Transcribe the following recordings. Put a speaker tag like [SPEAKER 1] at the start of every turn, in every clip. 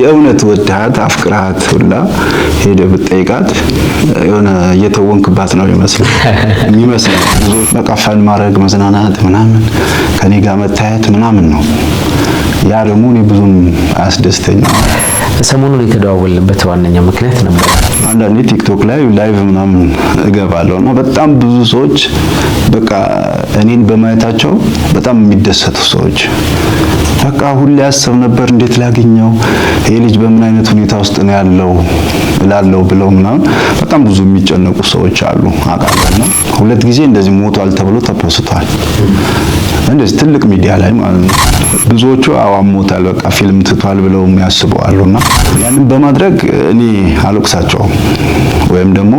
[SPEAKER 1] የእውነት ወድሃት አፍቅርሃት ሁላ ሄደ ብትጠይቃት የሆነ እየተወንክባት ነው ይመስል የሚመስል ብዙ ፈን ማድረግ መዝናናት ምናምን ከኔ ጋር መታየት ምናምን ነው። ያ ደግሞ እኔ ብዙም አያስደስተኝም።
[SPEAKER 2] ሰሞኑን የተደዋወልንበት ዋነኛው ምክንያት ነበር።
[SPEAKER 1] አንዳንዴ ቲክቶክ ላይ ላይቭ ምናምን እገባለሁ እና በጣም ብዙ ሰዎች በቃ እኔን በማየታቸው በጣም የሚደሰቱ ሰዎች በቃ ሁሌ ያሰብ ነበር እንዴት ላገኘው ይህ ልጅ በምን አይነት ሁኔታ ውስጥ ነው ያለው እላለሁ ብለው ምናምን በጣም ብዙ የሚጨነቁ ሰዎች አሉ አውቃለሁና ሁለት ጊዜ እንደዚህ ሞቷል ተብሎ ተፖስቷል። እንደዚህ ትልቅ ሚዲያ ላይ ማለት ነው። ብዙዎቹ አዋም ሞታል በቃ ፊልም ትቷል ብለው የሚያስቡ አሉና ያንን በማድረግ እኔ አልወቅሳቸውም ወይም ደግሞ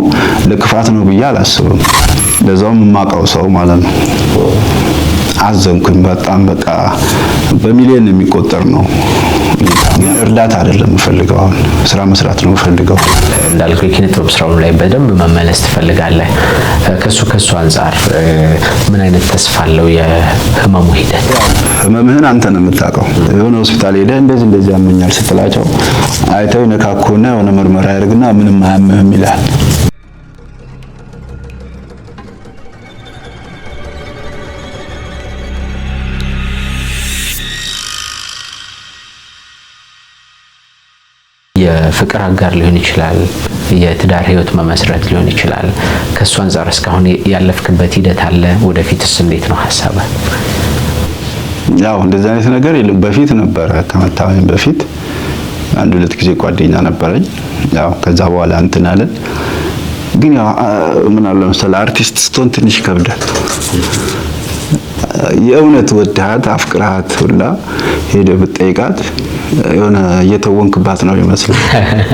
[SPEAKER 1] ለክፋት ነው ብዬ አላስብም። ለዛውም የማውቀው ሰው ማለት ነው። አዘንኩኝ በጣም በቃ በሚሊዮን የሚቆጠር ነው እርዳታ አይደለም የምፈልገው፣ አሁን ስራ መስራት ነው የምፈልገው።
[SPEAKER 2] እንዳልከው የኪነ ጥበብ ስራውን ላይ በደንብ መመለስ ትፈልጋለህ። ከሱ ከሱ አንጻር ምን አይነት ተስፋ አለው የህመሙ ሂደት?
[SPEAKER 1] ህመምህን አንተ ነው የምታውቀው። የሆነ ሆስፒታል ሄደህ እንደዚህ እንደዚህ ያመኛል ስትላቸው አይተው ነካኩና የሆነ ምርመራ ያደርግና ምንም አያምህም ይላል
[SPEAKER 2] የፍቅር አጋር ሊሆን ይችላል፣ የትዳር ህይወት መመስረት ሊሆን ይችላል። ከእሱ አንጻር እስካሁን ያለፍክበት ሂደት አለ? ወደፊትስ እንዴት ነው ሀሳብ?
[SPEAKER 1] ያው እንደዚህ አይነት ነገር የለም። በፊት ነበረ፣ ከመታመም በፊት አንድ ሁለት ጊዜ ጓደኛ ነበረኝ። ያው ከዛ በኋላ እንትን አለን። ግን ያው ምን አለ መሰለህ አርቲስት ስትሆን ትንሽ ይከብዳል። የእውነት ወድሃት አፍቅርሃት ሁላ ሄደ ብትጠይቃት የሆነ እየተወንክባት ነው ይመስላል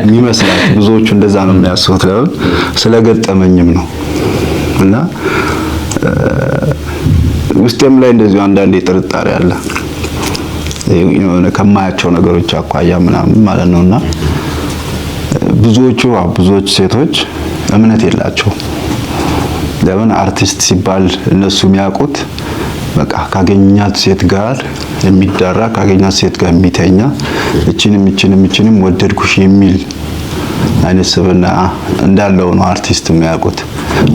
[SPEAKER 1] የሚመስላት ብዙዎቹ እንደዛ ነው የሚያስቡት። ለምን ስለገጠመኝም ነው እና ውስጤም ላይ እንደዚሁ አንዳንዴ ጥርጣሬ አለ የሆነ ከማያቸው ነገሮች አኳያ ምናምን ማለት ነውና ብዙዎቹ ብዙዎች ሴቶች እምነት የላቸው። ለምን አርቲስት ሲባል እነሱ የሚያውቁት በቃ ካገኛት ሴት ጋር የሚዳራ ካገኛት ሴት ጋር የሚተኛ እችንም እችንም እችንም ወደድኩሽ የሚል አይነት ስብና እንዳለው ነው አርቲስት የሚያውቁት።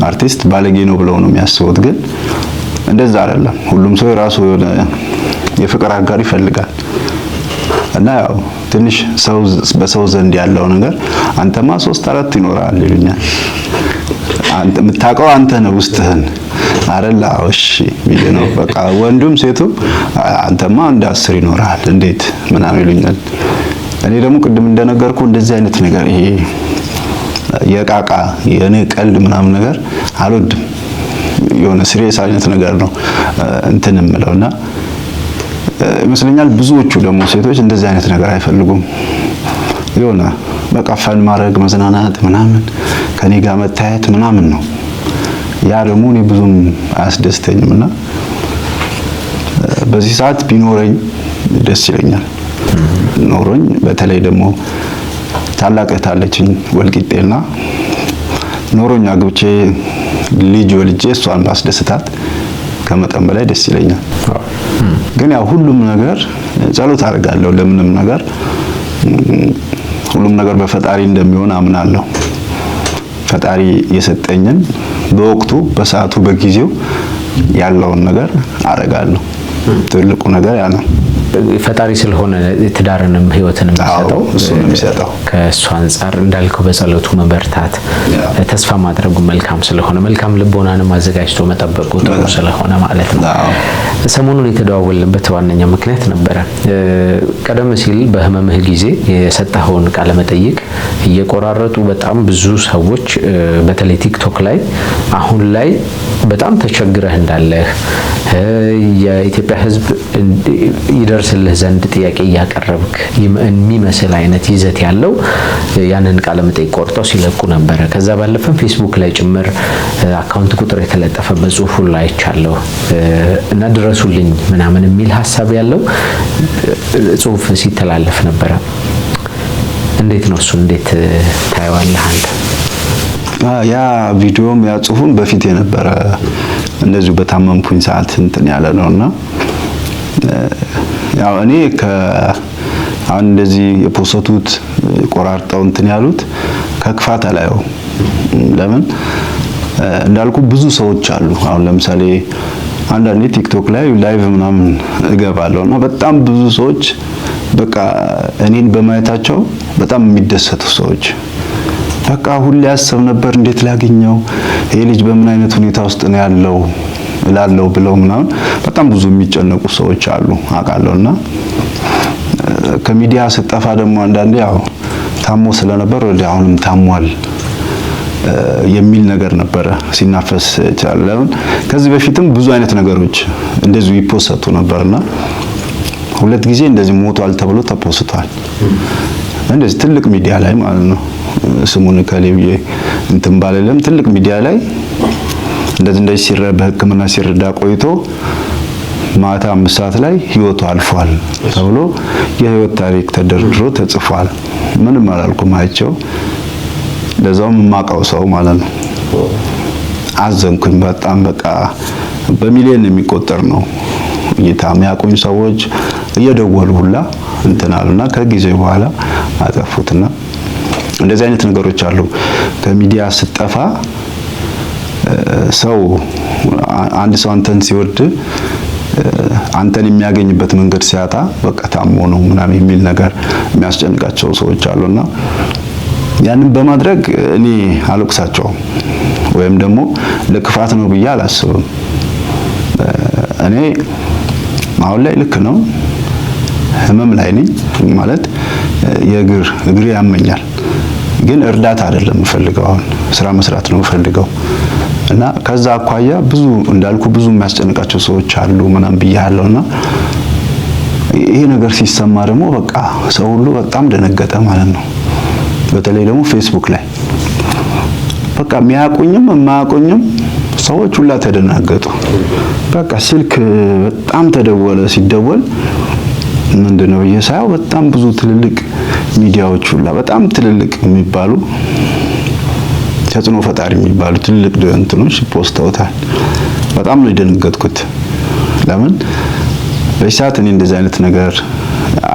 [SPEAKER 1] አርቲስት ባለጌ ነው ብለው ነው የሚያስቡት፣ ግን እንደዛ አይደለም። ሁሉም ሰው የራሱ የሆነ የፍቅር አጋር ይፈልጋል እና ያው ትንሽ ሰው በሰው ዘንድ ያለው ነገር አንተማ ሶስት አራት ይኖራል ይሉኛል። አንተ የምታውቀው አንተ ነው ውስጥህን አረላ እሺ ብዬ ነው። በቃ ወንዱም ሴቱም አንተማ እንደ አስር ይኖራል እንዴት ምናምን ይሉኛል። እኔ ደግሞ ቅድም እንደነገርኩ እንደዚህ አይነት ነገር ይሄ የቃቃ የእኔ ቀልድ ምናምን ነገር አልወድም። የሆነ ሲሪየስ አይነት ነገር ነው እንትን እምለውና ይመስለኛል ብዙዎቹ ደግሞ ሴቶች እንደዚህ አይነት ነገር አይፈልጉም። የሆነ በቃ ፈን ማድረግ መዝናናት ምናምን ከኔ ጋር መታየት ምናምን ነው ያ ደግሞ እኔ ብዙም አያስደስተኝም እና በዚህ ሰዓት ቢኖረኝ ደስ ይለኛል። ኖሮኝ በተለይ ደግሞ ታላቅ እህት አለችኝ ወልቂጤና ኖሮኝ አግብቼ ልጅ ወልጄ እሷን ባስደስታት ከመጠን በላይ ደስ ይለኛል። ግን ያው ሁሉም ነገር ጸሎት አድርጋለሁ። ለምንም ነገር ሁሉም ነገር በፈጣሪ እንደሚሆን አምናለሁ። ፈጣሪ የሰጠኝን በወቅቱ በሰዓቱ በጊዜው ያለውን ነገር አደርጋለሁ። ትልቁ ነገር ያ ነው።
[SPEAKER 2] ፈጣሪ ስለሆነ ትዳርንም ህይወትን የሚሰጠው ከእሱ አንጻር እንዳልከው በጸሎቱ መበርታት፣ ተስፋ ማድረጉ መልካም ስለሆነ መልካም ልቦናንም አዘጋጅቶ መጠበቁ ጥሩ ስለሆነ ማለት ነው። ሰሞኑን የተደዋወልንበት ዋነኛ ምክንያት ነበረ። ቀደም ሲል በህመምህ ጊዜ የሰጠኸውን ቃለ መጠይቅ እየቆራረጡ በጣም ብዙ ሰዎች በተለይ ቲክቶክ ላይ አሁን ላይ በጣም ተቸግረህ እንዳለህ የኢትዮጵያ ሕዝብ ይደርስልህ ዘንድ ጥያቄ እያቀረብክ የሚመስል አይነት ይዘት ያለው ያንን ቃለ መጠይቅ ቆርጠው ሲለቁ ነበረ። ከዛ ባለፈም ፌስቡክ ላይ ጭምር አካውንት ቁጥር የተለጠፈበት ጽሁፉ ላይ አይቻለሁ እና ድረሱልኝ ምናምን የሚል ሀሳብ ያለው ጽሁፍ ሲተላለፍ ነበረ። እንዴት ነው እሱ? እንዴት ታየዋለህ አንተ?
[SPEAKER 1] ያ ቪዲዮም ያ ጽሁፉን በፊት የነበረ እንደዚሁ በታመምኩኝ ሰዓት እንትን ያለ ነውና ያው እኔ ከ አሁን እንደዚህ የፖሰቱት ቆራርጠው እንትን ያሉት ከክፋት አላየው። ለምን እንዳልኩ ብዙ ሰዎች አሉ። አሁን ለምሳሌ አንዳንዴ ቲክቶክ ላይ ላይቭ ምናምን እገባለሁ እና በጣም ብዙ ሰዎች በቃ እኔን በማየታቸው በጣም የሚደሰቱ ሰዎች በቃ ሁሌ ያሰብ ነበር እንዴት ላገኘው፣ ይሄ ልጅ በምን አይነት ሁኔታ ውስጥ ነው ያለው እላለሁ ብለው ምናምን በጣም ብዙ የሚጨነቁ ሰዎች አሉ አውቃለሁ። እና ከሚዲያ ስጠፋ ደግሞ አንዳንዴ ያው ታሞ ስለነበር ወደ አሁንም ታሟል የሚል ነገር ነበረ ሲናፈስ ይችላል። ከዚህ በፊትም ብዙ አይነት ነገሮች እንደዚሁ ይፖሰቱ ነበርና ሁለት ጊዜ እንደዚህ ሞቷል ተብሎ ተፖስቷል። እንደዚህ ትልቅ ሚዲያ ላይ ማለት ነው። ስሙን ከሌ ብዬ እንትን ባለለም ትልቅ ሚዲያ ላይ እንደዚህ እንደዚህ ሲረ በህክምና ሲረዳ ቆይቶ ማታ አምስት ሰዓት ላይ ህይወቱ አልፏል ተብሎ የህይወት ታሪክ ተደርድሮ ተጽፏል። ምንም አላልኩም አይቼው፣ ለዛውም የማውቀው ሰው ማለት ነው። አዘንኩኝ በጣም በቃ በሚሊዮን የሚቆጠር ነው እይታ። የሚያውቁኝ ሰዎች እየደወሉ ሁላ እንትን አሉና ከጊዜ በኋላ አጠፉትና እንደዚህ አይነት ነገሮች አሉ። ከሚዲያ ስጠፋ ሰው አንድ ሰው አንተን ሲወድ አንተን የሚያገኝበት መንገድ ሲያጣ በቃ ታሞ ነው ምናምን የሚል ነገር የሚያስጨንቃቸው ሰዎች አሉና ያንን በማድረግ እኔ አልወቅሳቸውም ወይም ደግሞ ለክፋት ነው ብዬ አላስብም። እኔ አሁን ላይ ልክ ነው ህመም ላይ ነኝ ማለት የእግር እግሬ ያመኛል። ግን እርዳታ አይደለም የምፈልገው። አሁን ስራ መስራት ነው የምፈልገው እና ከዛ አኳያ ብዙ እንዳልኩ ብዙ የሚያስጨንቃቸው ሰዎች አሉ ምናምን ብያለሁና ይሄ ነገር ሲሰማ ደግሞ በቃ ሰው ሁሉ በጣም ደነገጠ ማለት ነው። በተለይ ደግሞ ፌስቡክ ላይ በቃ የሚያውቁኝም የማያውቁኝም ሰዎች ሁላ ተደናገጡ። በቃ ስልክ በጣም ተደወለ ሲደወል ምንድነው ብዬ ሳየው በጣም ብዙ ትልልቅ ሚዲያዎች ሁላ በጣም ትልልቅ የሚባሉ ተጽዕኖ ፈጣሪ የሚባሉ ትልልቅ እንትኖች ፖስተውታል። በጣም ነው የደነገጥኩት። ለምን በዚህ ሰዓት እኔ እንደዚህ አይነት ነገር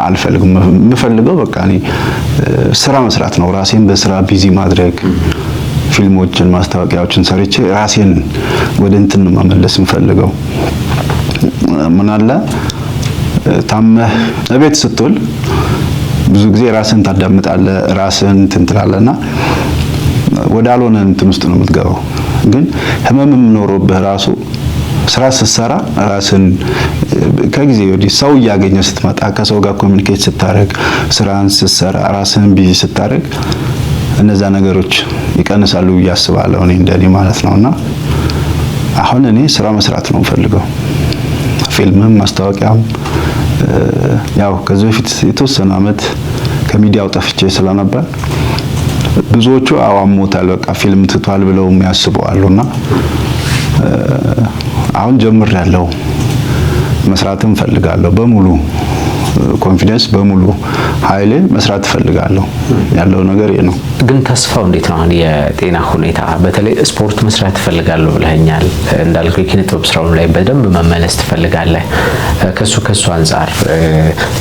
[SPEAKER 1] አልፈልግም። የምፈልገው በቃ እኔ ስራ መስራት ነው፣ ራሴን በስራ ቢዚ ማድረግ ፊልሞችን፣ ማስታወቂያዎችን ሰርቼ ራሴን ወደ እንትን መመለስ የምፈልገው ምን አለ ታመህ እቤት ስትውል ብዙ ጊዜ ራስህን ታዳምጣለህ፣ ራስህን ትንትላለና ትላለህ እና ወደ አልሆነ እንትን ውስጥ ነው የምትገባው። ግን ህመምም ኖሮብህ ራሱ ስራ ስትሰራ ራስን ከጊዜ ወዲህ ሰው እያገኘ ስትመጣ ከሰው ጋር ኮሚኒኬት ስታደርግ ስራን ስትሰራ ራስን ቢዚ ስታደርግ እነዛ ነገሮች ይቀንሳሉ ብዬ አስባለሁ። እኔ እንደኔ ማለት ነውና አሁን እኔ ስራ መስራት ነው የምፈልገው ፊልምም ማስታወቂያም ያው ከዚህ በፊት የተወሰነ አመት ከሚዲያው ጠፍቼ ስለነበር ብዙዎቹ አዋሞታል በቃ ፊልም ትቷል ብለው የሚያስቡ አሉና አሁን ጀምር ያለው መስራትም ፈልጋለሁ በሙሉ ኮንፊደንስ በሙሉ ኃይሌ መስራት እፈልጋለሁ ያለው ነገር ይሄ ነው።
[SPEAKER 2] ግን ተስፋው እንዴት ነው? አሁን የጤና ሁኔታ በተለይ ስፖርት መስራት እፈልጋለሁ ብለኛል። እንዳልኩ የኪነ ጥበብ ስራውን ላይ በደንብ መመለስ ትፈልጋለህ። ከሱ ከሱ አንጻር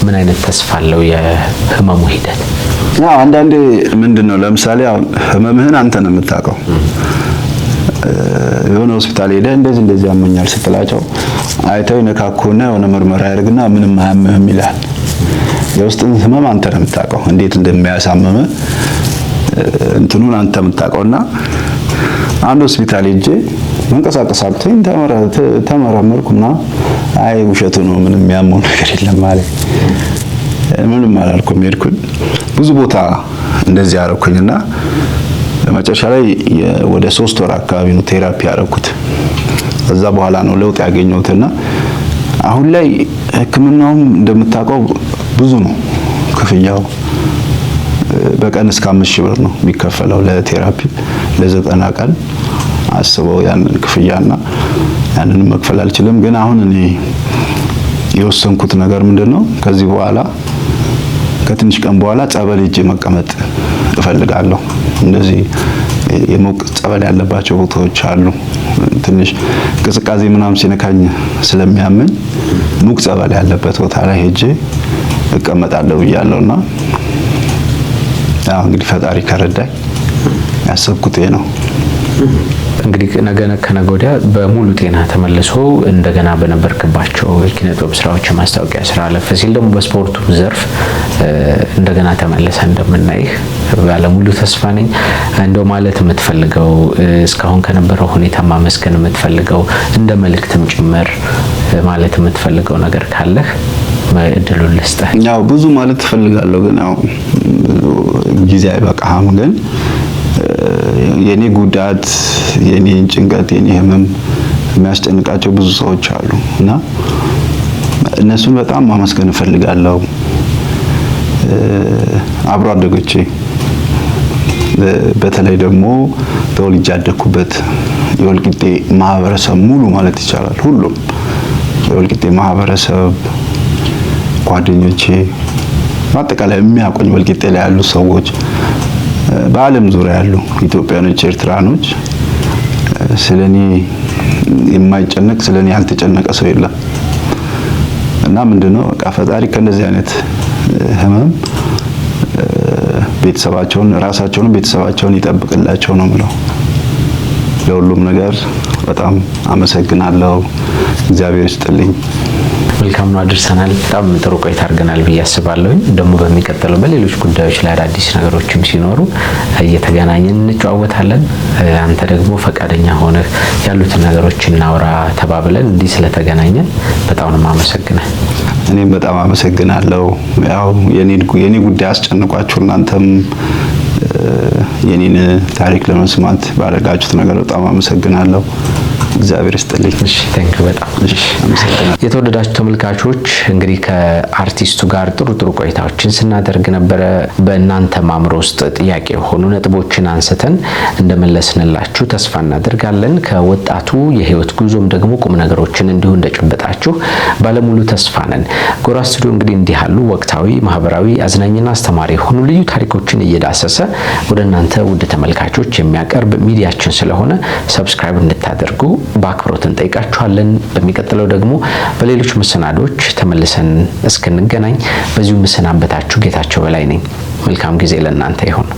[SPEAKER 2] ምን አይነት ተስፋ አለው የህመሙ ሂደት?
[SPEAKER 1] ያው አንዳንዴ ምንድን ነው ለምሳሌ አሁን ህመምህን አንተ ነው የምታውቀው። የሆነ ሆስፒታል ሄደ እንደዚህ እንደዚህ ያመኛል ስትላቸው አይተው ይነካኩና የሆነ ምርመራ ያደርግና ምንም አያምህም ይላል የውስጥን ህመም አንተ ነው የምታውቀው፣ እንዴት እንደሚያሳምም እንትኑን አንተ የምታውቀውና አንድ ሆስፒታል ሄጄ መንቀሳቀስ አቅቶኝ ተመረመርኩና አይ ውሸቱ ነው፣ ምንም የሚያመው ነገር የለም ማለት ምንም አላልኩም። ሄድኩኝ ብዙ ቦታ እንደዚህ አረኩኝና መጨረሻ ላይ ወደ ሶስት ወር አካባቢ ነው ቴራፒ ያረኩት። ከዛ በኋላ ነው ለውጥ ያገኘሁትና አሁን ላይ ህክምናውም እንደምታውቀው ብዙ ነው ክፍያው። በቀን እስከ አምስት ሺህ ብር ነው የሚከፈለው ለቴራፒ ለዘጠና ቀን አስበው ያንን ክፍያና ያንንም መክፈል አልችልም። ግን አሁን እኔ የወሰንኩት ነገር ምንድን ነው? ከዚህ በኋላ ከትንሽ ቀን በኋላ ጸበል ሄጄ መቀመጥ እፈልጋለሁ። እንደዚህ የሞቅ ጸበል ያለባቸው ቦታዎች አሉ። ትንሽ ቅዝቃዜ ምናምን ሲነካኝ ስለሚያመኝ ሙቅ ጸበል ያለበት ቦታ ላይ ሄጄ እቀመጣለሁ ብያለሁና እንግዲህ ፈጣሪ ከረዳኝ ያሰብኩት ነው።
[SPEAKER 2] እንግዲህ ነገ ከነገ ወዲያ በሙሉ ጤና ተመልሶ እንደገና በነበርክባቸው የኪነጥበብ ስራዎች የማስታወቂያ ስራ አለፍ ሲል ደግሞ በስፖርቱ ዘርፍ እንደገና ተመለሰ እንደምናይህ ባለሙሉ ተስፋ ነኝ። እንደው ማለት የምትፈልገው እስካሁን ከነበረው ሁኔታ ማመስገን የምትፈልገው እንደ መልእክትም ጭምር ማለት የምትፈልገው ነገር ካለህ እድሉን ልስጠህ።
[SPEAKER 1] ያው ብዙ ማለት ትፈልጋለሁ፣ ግን ያው ጊዜ አይበቃህም ግን የኔ ጉዳት፣ የኔ ጭንቀት፣ የኔ ህመም የሚያስጨንቃቸው ብዙ ሰዎች አሉ እና እነሱን በጣም ማመስገን እፈልጋለሁ። አብሮ አደጎቼ በተለይ ደግሞ ተወልጄ ያደግኩበት የወልቂጤ ማህበረሰብ ሙሉ ማለት ይቻላል ሁሉም የወልቂጤ ማህበረሰብ ጓደኞቼ፣ በአጠቃላይ የሚያቆኝ ወልቂጤ ላይ ያሉ ሰዎች በዓለም ዙሪያ ያሉ ኢትዮጵያኖች፣ ኤርትራኖች ስለኔ የማይጨነቅ ስለኔ ያልተጨነቀ ሰው የለም እና ምንድነው በቃ ፈጣሪ ከእንደዚህ አይነት ህመም ቤተሰባቸውን ራሳቸውን ቤተሰባቸውን ይጠብቅላቸው ነው ምለው። ለሁሉም ነገር በጣም አመሰግናለሁ። እግዚአብሔር ይስጥልኝ።
[SPEAKER 2] መልካም ነው አድርሰናል። በጣም ጥሩ ቆይታ አድርገናል ብዬ አስባለሁ። ደግሞ በሚቀጥለው በሌሎች ጉዳዮች ላይ አዳዲስ ነገሮችም ሲኖሩ እየተገናኘን እንጨዋወታለን። አንተ ደግሞ ፈቃደኛ ሆነህ ያሉትን ነገሮች እናውራ ተባብለን እንዲህ ስለተገናኘን በጣም ነው የማመሰግነው።
[SPEAKER 1] እኔም በጣም አመሰግናለሁ። ያው የኔ ጉዳይ አስጨንቋችሁ እናንተም የኔን ታሪክ ለመስማት ባደረጋችሁት ነገር በጣም አመሰግናለሁ። እግዚአብሔር ይስጥልኝ።
[SPEAKER 2] እሺ ታንክ በጣም የተወደዳችሁ ተመልካቾች እንግዲህ ከአርቲስቱ ጋር ጥሩ ጥሩ ቆይታዎችን ስናደርግ ነበረ። በእናንተ ማምሮ ውስጥ ጥያቄ የሆኑ ነጥቦችን አንስተን እንደመለስንላችሁ ተስፋ እናደርጋለን። ከወጣቱ የህይወት ጉዞም ደግሞ ቁም ነገሮችን እንዲሁ እንደጨበጣችሁ ባለሙሉ ተስፋ ነን። ጎራ ስቱዲዮ እንግዲህ እንዲህ ያሉ ወቅታዊ፣ ማህበራዊ፣ አዝናኝና አስተማሪ የሆኑ ልዩ ታሪኮችን እየዳሰሰ ወደ እናንተ ውድ ተመልካቾች የሚያቀርብ ሚዲያችን ስለሆነ ሰብስክራይብ እንድታደርጉ በአክብሮት እንጠይቃችኋለን። በሚቀጥለው ደግሞ በሌሎች መሰናዶች ተመልሰን እስክንገናኝ በዚሁ ምሰናበታችሁ። ጌታቸው በላይ ነኝ። መልካም ጊዜ ለእናንተ ይሁን።